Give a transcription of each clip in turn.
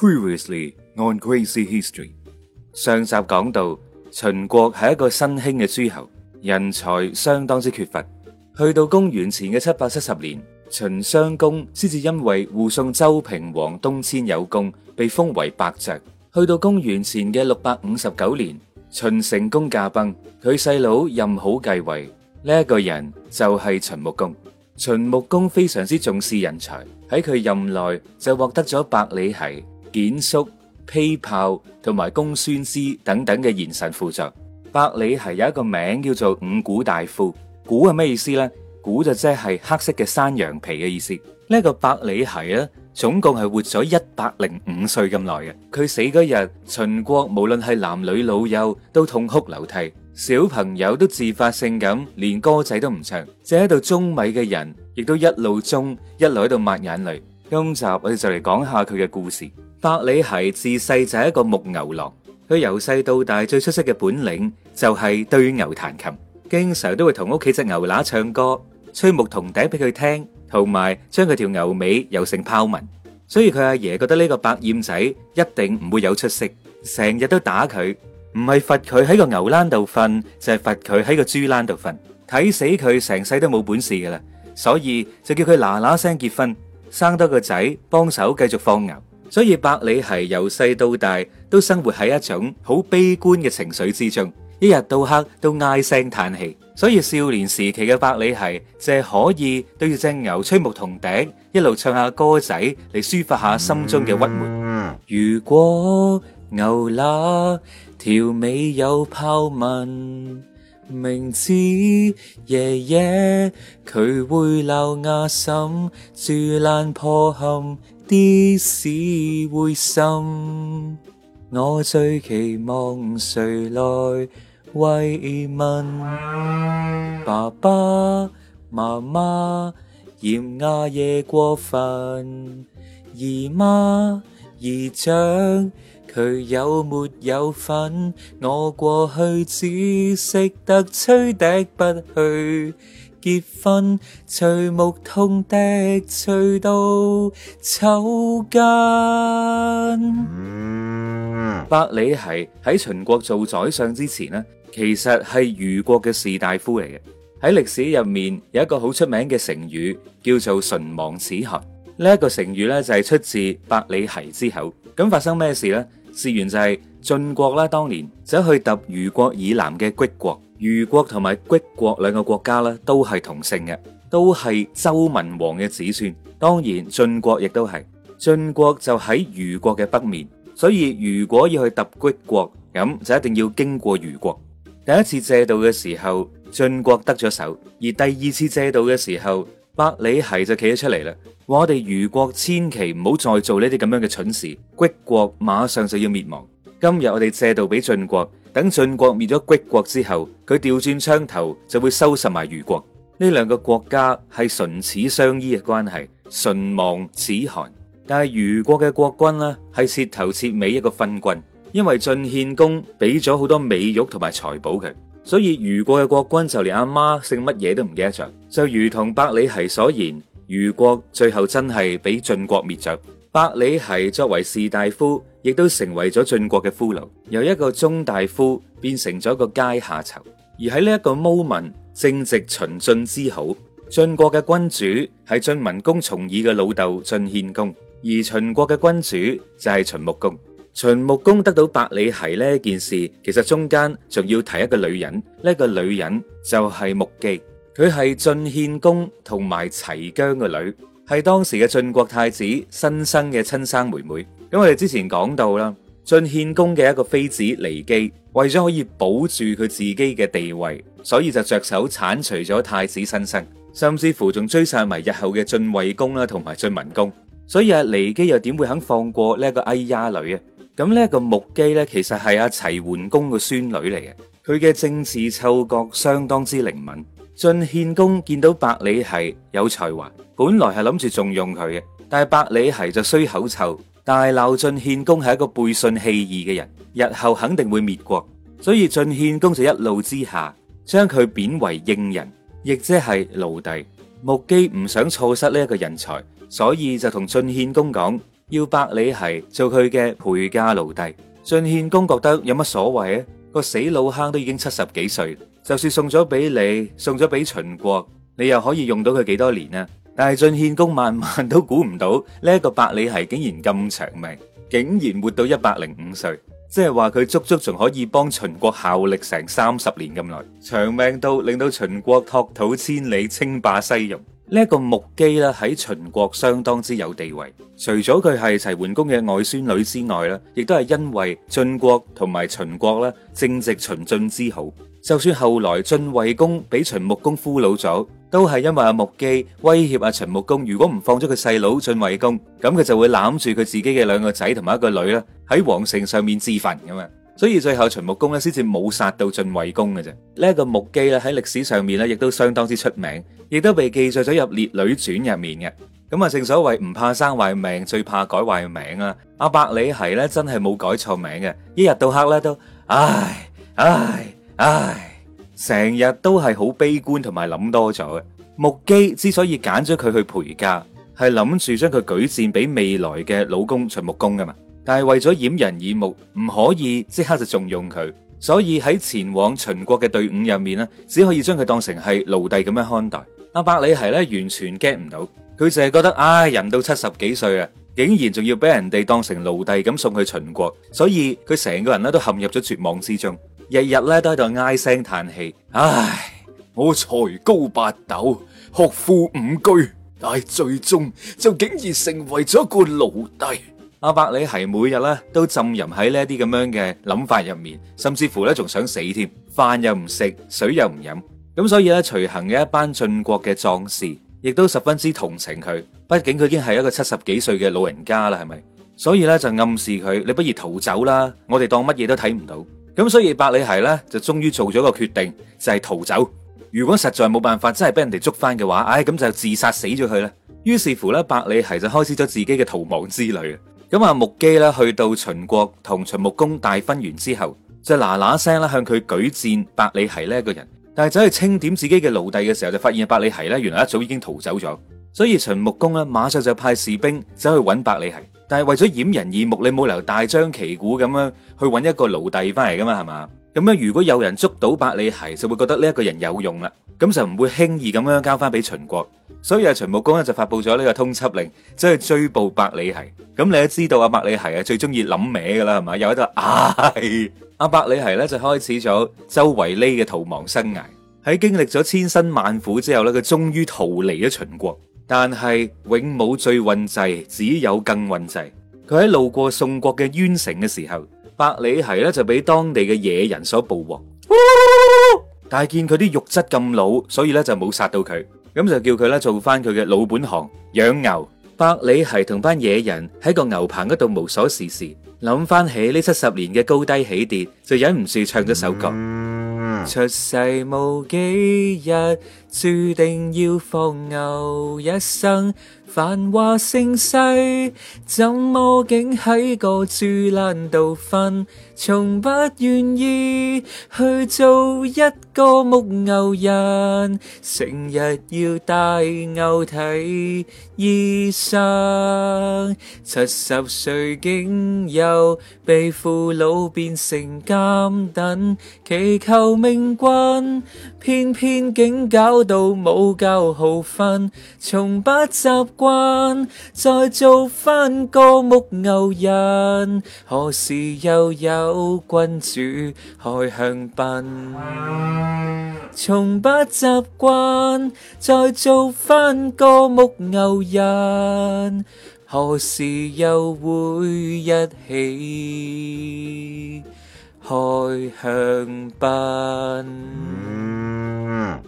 Previously on Crazy History，上集講到秦國係一個新興嘅諸侯，人才相當之缺乏。去到公元前嘅七百七十年，秦襄公先至因為護送周平王東遷有功，被封為伯爵。去到公元前嘅六百五十九年，秦成公駕崩，佢細佬任好繼位。呢一個人就係秦穆公。秦穆公非常之重視人才，喺佢任內就獲得咗百里奚。簡叔、披豹同埋公孫支等等嘅賢臣輔佐，百里奚有一個名叫做五羖大夫。羖係咩意思咧？羖就即係黑色嘅山羊皮嘅意思。呢個百里奚咧，總共係活咗一百零五歲咁耐嘅。佢死嗰日，秦國無論係男女老幼都痛哭流涕，小朋友都自發性咁連歌仔都唔唱，正喺度舂米嘅人亦都一路舂一路喺度抹眼淚。今集我哋就嚟講下佢嘅故事。百里奚自細就係一個牧牛郎，佢由細到大最出色嘅本領就係對牛彈琴，經常都會同屋企隻牛乸唱歌，吹牧童笛俾佢聽，同埋將佢條牛尾揉成泡紋。所以佢阿爺覺得呢個百厭仔一定唔會有出息，成日都打佢，唔係罰佢喺個牛欄度瞓，就係罰佢喺個豬欄度瞓，睇死佢成世都冇本事噶啦。所以就叫佢嗱嗱聲結婚，生多個仔幫手繼續放牛。所以百里奚由細到大都生活喺一種好悲觀嘅情緒之中，一日到黑都唉聲嘆氣。所以少年時期嘅百里奚就係可以對住隻牛吹木銅笛，一路唱下歌仔嚟抒發下心中嘅鬱悶。如果牛乸條尾有泡紋，明知爺爺佢會流牙滲，住爛破陷。啲事會心，我最期望誰來慰問？ 爸爸媽媽，嫌亞也過分，姨媽姨丈，佢有沒有份？我過去只識得吹笛不去。結婚，垂目痛的翠刀抽筋。百里奚喺秦國做宰相之前咧，其實係虞國嘅士大夫嚟嘅。喺歷史入面有一個好出名嘅成語叫做唇亡齒寒，呢一個成語咧就係出自百里奚之口。咁發生咩事咧？事源就係晉國啦，當年走去揼虞國以南嘅虢國。虞國同埋虢國兩個國家咧，都係同姓嘅，都係周文王嘅子孫。當然晉國亦都係，晉國就喺虞國嘅北面，所以如果要去揼虢國，咁就一定要經過虞國。第一次借道嘅時候，晉國得咗手，而第二次借道嘅時候，百里奚就企咗出嚟啦，話我哋虞國千祈唔好再做呢啲咁樣嘅蠢事，虢國馬上就要滅亡。今日我哋借道俾晉國。等晉國滅咗虢國之後，佢調轉槍頭就會收拾埋虞國。呢兩個國家係唇齒相依嘅關係，唇亡齒寒。但係虞國嘅國君呢，係徹頭徹尾一個昏君，因為晉獻公俾咗好多美玉同埋財寶佢，所以虞國嘅國君就連阿媽姓乜嘢都唔記得咗，就如同百里奚所言，虞國最後真係俾晉國滅咗。百里奚作為士大夫。亦都成為咗晉國嘅俘虜，由一個中大夫變成咗個階下囚。而喺呢一個 moment，正值秦晉之好，晉國嘅君主係晉文公重耳嘅老豆晉獻公，而秦國嘅君主就係秦穆公。秦穆公得到百里奚呢件事，其實中間仲要提一個女人。呢、這個女人就係穆姬，佢係晉獻公同埋齊姜嘅女，係當時嘅晉國太子新生嘅親生妹妹。咁我哋之前講到啦，晉獻公嘅一個妃子驪姬，為咗可以保住佢自己嘅地位，所以就着手鏟除咗太子申生，甚至乎仲追殺埋日後嘅晉惠公啦，同埋晉文公。所以阿驪姬又點會肯放過呢一個哀丫女啊？咁呢一個穆姬呢，其實係阿、啊、齊桓公嘅孫女嚟嘅，佢嘅政治嗅覺相當之靈敏。晉獻公見到百里奚有才華，本來係諗住重用佢嘅，但係百里奚就衰口臭。大鬧晉獻公係一個背信棄義嘅人，日後肯定會滅國，所以晉獻公就一怒之下將佢貶為應人，亦即係奴隸。穆姬唔想錯失呢一個人才，所以就同晉獻公講要百里奚做佢嘅陪嫁奴隸。晉獻公覺得有乜所謂啊？個死老坑都已經七十幾歲，就算送咗俾你，送咗俾秦國，你又可以用到佢幾多年啊？但係晉獻公萬萬都估唔到呢一個百里奚，竟然咁長命，竟然活到一百零五歲，即係話佢足足仲可以幫秦國效力成三十年咁耐，長命到令到秦國拓土千里，稱霸西戎。呢一個木姬啦，喺秦國相當之有地位，除咗佢係齊桓公嘅外孫女之外啦，亦都係因為晉國同埋秦國啦，正值秦晉之好。就算後來晉惠公俾秦穆公俘虜咗，都係因為阿穆姬威脅阿秦穆公，如果唔放咗佢細佬晉惠公，咁佢就會攬住佢自己嘅兩個仔同埋一個女啦，喺皇城上面自焚咁樣。所以最後秦穆公咧，先至冇殺到晉惠公嘅啫。呢一個穆姬咧喺歷史上面咧，亦都相當之出名，亦都被記載咗入《列女傳》入面嘅。咁啊，正所謂唔怕生壞命，最怕改壞名啦。阿百里奚咧，真係冇改錯名嘅，一日到黑咧都，唉唉。唉，成日都係好悲觀，同埋諗多咗嘅。穆姬之所以揀咗佢去陪嫁，係諗住將佢舉薦俾未來嘅老公秦穆公噶嘛。但係為咗掩人耳目，唔可以即刻就重用佢，所以喺前往秦國嘅隊伍入面咧，只可以將佢當成係奴隸咁樣看待。阿百里奚咧完全 get 唔到，佢淨係覺得唉，人到七十幾歲啊，竟然仲要俾人哋當成奴隸咁送去秦國，所以佢成個人咧都陷入咗絕望之中。日日咧都喺度唉聲嘆氣，唉，我才高八斗，學富五車，但係最終就竟然成為咗一個奴隸。阿百里係每日咧都浸淫喺呢一啲咁樣嘅諗法入面，甚至乎咧仲想死添，飯又唔食，水又唔飲，咁所以咧隨行嘅一班晉國嘅壯士，亦都十分之同情佢，畢竟佢已經係一個七十幾歲嘅老人家啦，係咪？所以咧就暗示佢，你不如逃走啦，我哋當乜嘢都睇唔到。咁所以百里奚咧就終於做咗個決定，就係逃走。如果實在冇辦法，真係俾人哋捉翻嘅話，唉，咁就自殺死咗佢啦。於是乎咧，百里奚就開始咗自己嘅逃亡之旅。咁啊，穆姬咧去到秦國同秦穆公大婚完之後，就嗱嗱聲啦向佢舉薦百里奚呢一個人。但係走去清點自己嘅奴隸嘅時候，就發現百里奚咧原來一早已經逃走咗。所以秦穆公呢，馬上就派士兵走去搵百里奚。但係為咗掩人耳目，你冇理由大張旗鼓咁樣去揾一個奴隸翻嚟噶嘛？係嘛？咁樣如果有人捉到百里奚，就會覺得呢一個人有用啦，咁就唔會輕易咁樣交翻俾秦國。所以阿秦穆公咧就發布咗呢個通緝令，即係追捕百里奚。咁你都知道阿百里奚啊最中意諗歪噶啦，係嘛？又喺度，唉！阿百里奚咧就開始咗周圍匿嘅逃亡生涯。喺經歷咗千辛萬苦之後咧，佢終於逃離咗秦國。但係永冇最運滯，只有更運滯。佢喺路過宋國嘅冤城嘅時候，百里奚咧就俾當地嘅野人所捕獲。 但係見佢啲肉質咁老，所以咧就冇殺到佢，咁就叫佢咧做翻佢嘅老本行養牛。百里奚同班野人喺個牛棚嗰度無所事事，諗翻起呢七十年嘅高低起跌，就忍唔住唱咗首歌。嗯出世冇幾日，注定要放牛一生。繁華盛世，怎麼竟喺個豬欄度瞓？從不願意去做一個木偶人，成日要帶牛睇醫生。七十歲竟又被父老變成監躉，祈求命運，偏偏竟搞到冇覺好瞓，從不執。慣再做返個牧牛人，何時又有君主開向笨？ 從不習慣再做返個牧牛人，何時又會一起開向笨？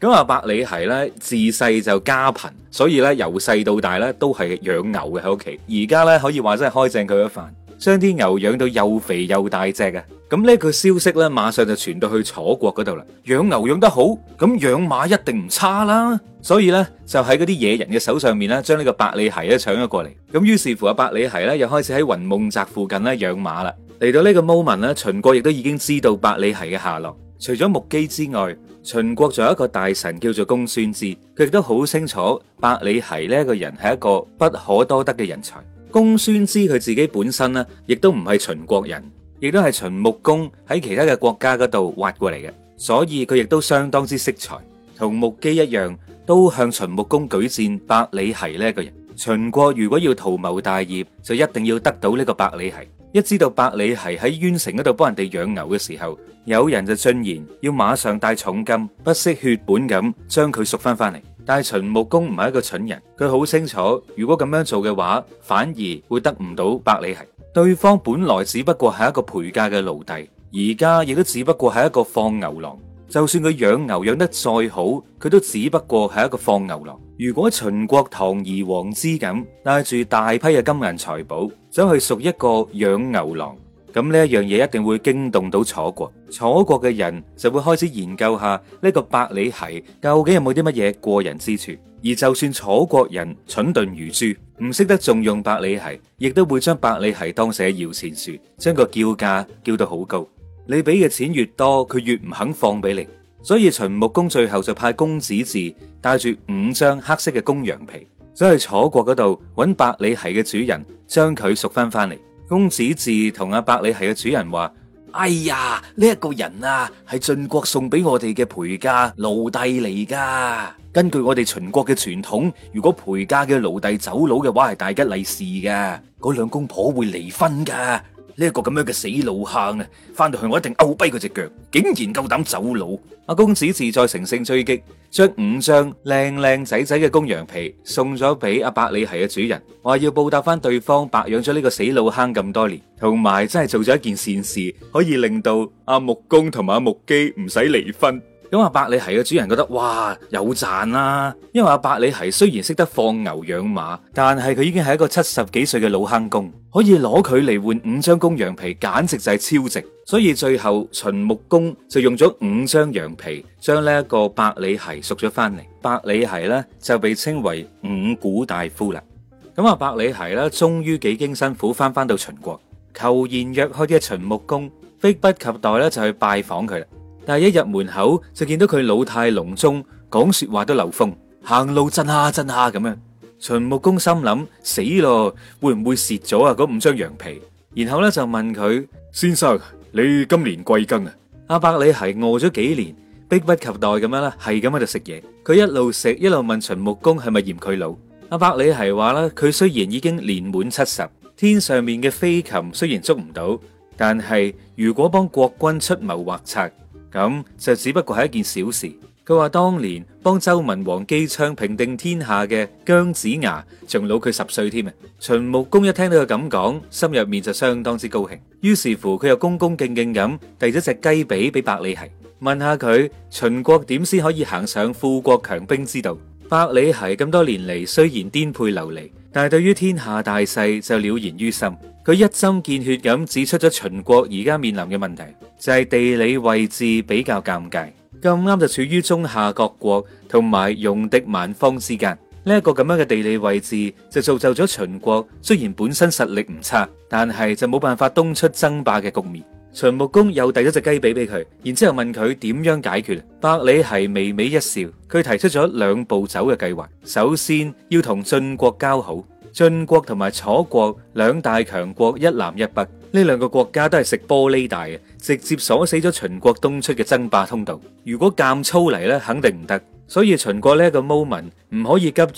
咁阿、啊、百里奚咧，自細就家貧，所以咧由細到大咧都係養牛嘅喺屋企。而家咧可以話真係開正佢一飯，將啲牛養到又肥又大隻嘅。咁、嗯、呢、呢個消息咧，馬上就傳到去楚國嗰度啦。養牛養得好，咁養馬一定唔差啦。所以咧就喺嗰啲野人嘅手上面咧，將呢個百里奚咧搶咗過嚟。咁、嗯、於是乎阿、啊、百里奚咧又開始喺雲夢澤附近咧養馬啦。嚟到個呢個 moment 咧，秦國亦都已經知道百里奚嘅下落，除咗木基之外。秦國仲有一個大臣叫做公孫支，佢亦都好清楚百里奚呢一個人係一個不可多得嘅人才。公孫支佢自己本身呢，亦都唔係秦國人，亦都係秦穆公喺其他嘅國家嗰度挖過嚟嘅，所以佢亦都相當之識才，同穆姬一樣，都向秦穆公舉薦百里奚呢一個人。秦國如果要圖謀大業，就一定要得到呢個百里奚。一知道百里奚喺冤城嗰度幫人哋養牛嘅時候，有人就進言要馬上帶重金，不惜血本咁將佢贖翻翻嚟。但係秦穆公唔係一個蠢人，佢好清楚如果咁樣做嘅話，反而會得唔到百里奚。對方本來只不過係一個陪嫁嘅奴隸，而家亦都只不過係一個放牛郎。就算佢養牛養得再好，佢都只不過係一個放牛郎。如果秦國堂而皇之咁帶住大批嘅金銀財寶，走去贖一個養牛郎，咁呢一樣嘢一定會驚動到楚國。楚國嘅人就會開始研究下呢個百里奚究竟有冇啲乜嘢過人之處。而就算楚國人蠢鈍如豬，唔識得重用百里奚，亦都會將百里奚當成搖錢樹，將個叫價叫到好高。你俾嘅錢越多，佢越唔肯放俾你。所以秦穆公最後就派公子至帶住五張黑色嘅公羊皮，走去楚國嗰度揾百里奚嘅主人，將佢贖翻翻嚟。公子至同阿百里奚嘅主人話：哎呀，呢一個人啊，係晉國送俾我哋嘅陪嫁奴隸嚟噶。根據我哋秦國嘅傳統，如果陪嫁嘅奴隸走佬嘅話，係大吉利是噶，嗰兩公婆會離婚噶。呢一個咁樣嘅死老坑啊，翻到去我一定漚跛佢隻腳，竟然夠膽走佬！阿公子自在乘勝追擊，將五張靚靚仔仔嘅公羊皮送咗俾阿百里奚嘅主人，話要報答翻對方白養咗呢個死老坑咁多年，同埋真係做咗一件善事，可以令到阿穆公同埋阿穆姬唔使離婚。咁阿、啊、百里奚嘅主人覺得哇有賺啦、啊，因為阿、啊、百里奚雖然識得放牛養馬，但係佢已經係一個七十幾歲嘅老坑公，可以攞佢嚟換五張公羊皮，簡直就係超值。所以最後秦穆公就用咗五張羊皮，將呢一個百里奚贖咗翻嚟。百里奚呢就被稱為五羖大夫啦。咁啊，百里奚呢，終於幾經辛苦翻翻到秦國，求賢若渴嘅秦穆公迫不及待咧就去拜訪佢啦。但係一入門口就見到佢老態龍鍾，講說話都漏風，行路震下震下咁樣。秦穆公心諗：死咯，會唔會蝕咗啊？嗰五張羊皮。然後咧就問佢：先生，你今年貴庚啊？阿百里奚餓咗幾年，迫不及待咁樣啦，係咁喺度食嘢。佢一路食一路問秦穆公係咪嫌佢老？阿百里奚話啦：佢雖然已經年滿七十，天上面嘅飛禽雖然捉唔到，但係如果幫國君出謀劃策。咁就只不過係一件小事。佢話當年幫周文王姬昌平定天下嘅姜子牙仲老佢十歲添啊！秦穆公一聽到佢咁講，心入面就相當之高興。於是乎，佢又恭恭敬敬咁遞咗隻雞髀俾百里奚，問下佢秦國點先可以行上富國強兵之道。百里奚咁多年嚟，雖然顛沛流離，但係對於天下大勢就了然於心。佢一針見血咁指出咗秦國而家面臨嘅問題就係地理位置比較尷尬，咁啱，就處於中夏各國同埋戎狄蠻方之間呢一個咁樣嘅地理位置，就造就咗秦國雖然本身實力唔差，但係就冇辦法東出爭霸嘅局面。秦穆公又遞咗隻雞髀俾佢，然之後問佢點樣解決。百里奚微微一笑，佢提出咗兩步走嘅計劃。首先要同晉國交好，晉國同埋楚國兩大強國，一南一北，呢兩個國家都係食玻璃大嘅，直接鎖死咗秦國東出嘅爭霸通道。如果幹粗嚟咧，肯定唔得。所以秦國呢個 moment，唔可以急住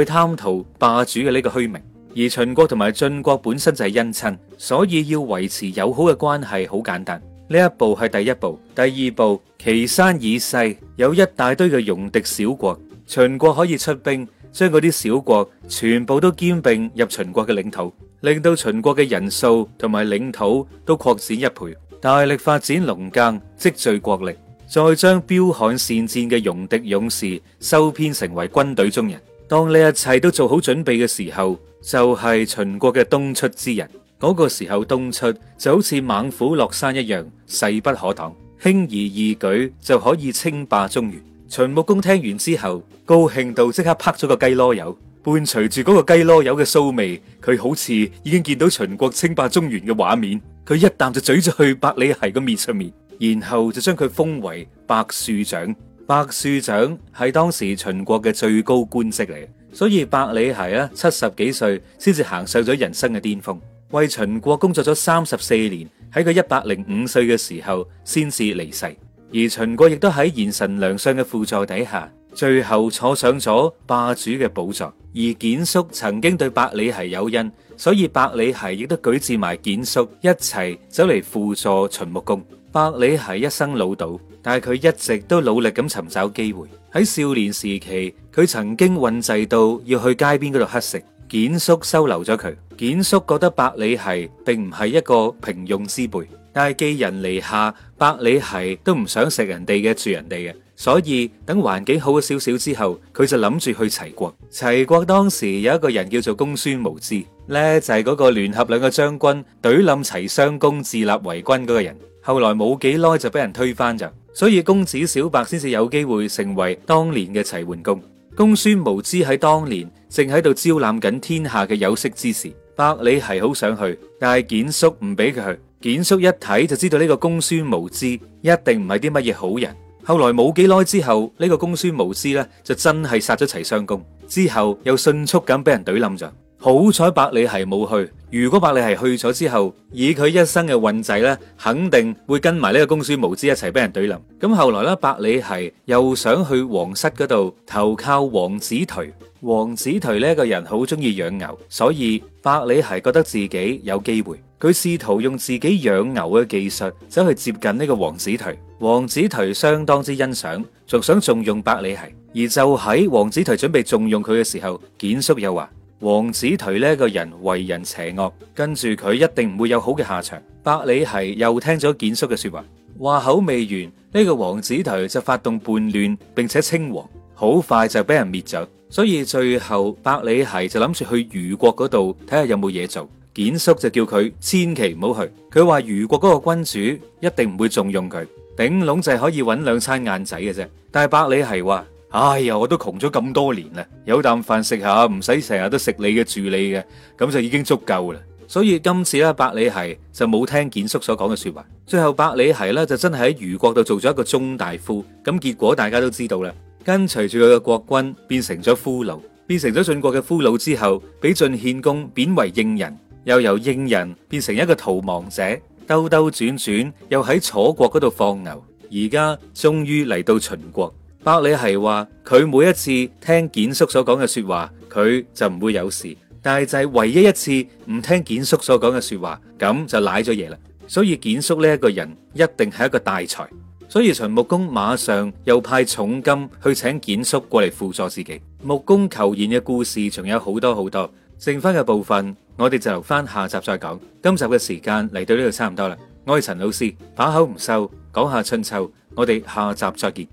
去貪圖霸主嘅呢個虛名。而秦國同埋晉國本身就係姻親，所以要維持友好嘅關係好簡單。呢一步係第一步，第二步，岐山以西有一大堆嘅戎狄小國，秦國可以出兵將嗰啲小國全部都兼併入秦國嘅領土，令到秦國嘅人數同埋領土都擴展一倍，大力發展農耕，積聚國力，再將彪悍善戰嘅戎狄勇士收編成為軍隊中人。當呢一切都做好準備嘅時候。就係秦國嘅東出之人，嗰個時候東出就好似猛虎落山一樣，勢不可擋，輕而易舉就可以稱霸中原。秦穆公聽完之後，高興到即刻拍咗個雞籮柚，伴隨住嗰個雞籮柚嘅騷味，佢好似已經見到秦國稱霸中原嘅畫面，佢一啖就咀咗去百里奚嘅面上面，然後就將佢封為百庶長。百庶長係當時秦國嘅最高官職嚟。所以百里奚啊，七十幾歲先至行上咗人生嘅巔峰，為秦國工作咗三十四年，喺佢一百零五歲嘅時候先至離世。而秦國亦都喺賢臣良相嘅輔助底下，最後坐上咗霸主嘅寶座。而蹇叔曾經對百里奚有恩，所以百里奚亦都舉薦埋蹇叔，一齊走嚟輔助秦穆公。百里奚一生老倒，但係佢一直都努力咁尋找機會。喺少年時期，佢曾經混滯到要去街邊嗰度乞食，蹇叔收留咗佢。蹇叔覺得百里奚並唔係一個平庸之輩，但係寄人籬下，百里奚都唔想食人哋嘅住人哋嘅，所以等環境好咗少少之後，佢就諗住去齊國。齊國當時有一個人叫做公孫無知，呢就係嗰個聯合兩個將軍懟冧齊襄公自立為君嗰個人。後來冇幾耐就俾人推翻咗，所以公子小白先至有機會成為當年嘅齊桓公。公孫無知喺當年正喺度招攬緊天下嘅有識之士，百里奚好想去，但係簡叔唔俾佢去。簡叔一睇，就知道呢個公孫無知一定唔係啲乜嘢好人。後來冇幾耐之後，呢個公孫無知呢就真係殺咗齊襄公，之後又迅速咁俾人懟冧咗。好彩百里奚冇去。如果百里奚去咗之後，以佢一生嘅運仔咧，肯定會跟埋呢個公孫無知一齊俾人懟冧。咁後來咧，百里奚又想去皇室嗰度投靠王子頹。王子頹呢一個人好中意養牛，所以百里奚覺得自己有機會。佢試圖用自己養牛嘅技術走去接近呢個王子頹。王子頹相當之欣賞，仲想重用百里奚。而就喺王子頹準備重用佢嘅時候，簡叔又話。王子頹呢個人為人邪惡，跟住佢一定唔會有好嘅下場。百里奚又聽咗簡叔嘅說話，話口未完，呢個王子頹就發動叛亂，並且稱王，好快就俾人滅咗。所以最後百里奚就諗住去虞國嗰度睇下有冇嘢做。簡叔就叫佢千祈唔好去，佢話虞國嗰個君主一定唔會重用佢，頂籠就係可以搵兩餐晏仔嘅啫。但係百里奚話。哎呀，我都窮咗咁多年啦，有啖飯食下，唔使成日都食你嘅、住你嘅，咁就已經足夠啦。所以今次咧，百里奚就冇聽蹇叔所講嘅說話。最後，百里奚呢，就真係喺虞國度做咗一個中大夫。咁結果大家都知道啦，跟隨住佢嘅國君變成咗俘虜，變成咗晉國嘅俘虜之後，俾晉獻公貶為應人，又由應人變成一個逃亡者，兜兜轉轉，轉又喺楚國嗰度放牛，而家終於嚟到秦國。百里奚話佢每一次聽簡叔所講嘅說話，佢就唔會有事。但係就係唯一一次唔聽簡叔所講嘅說話，咁就瀨咗嘢啦。所以簡叔呢一個人一定係一個大才。所以秦木公馬上又派重金去請簡叔過嚟輔助自己。木公求賢嘅故事仲有好多好多，剩翻嘅部分我哋就留翻下集再講。今集嘅時間嚟到呢度差唔多啦。我係陳老師把口唔收，講下春秋，我哋下集再見。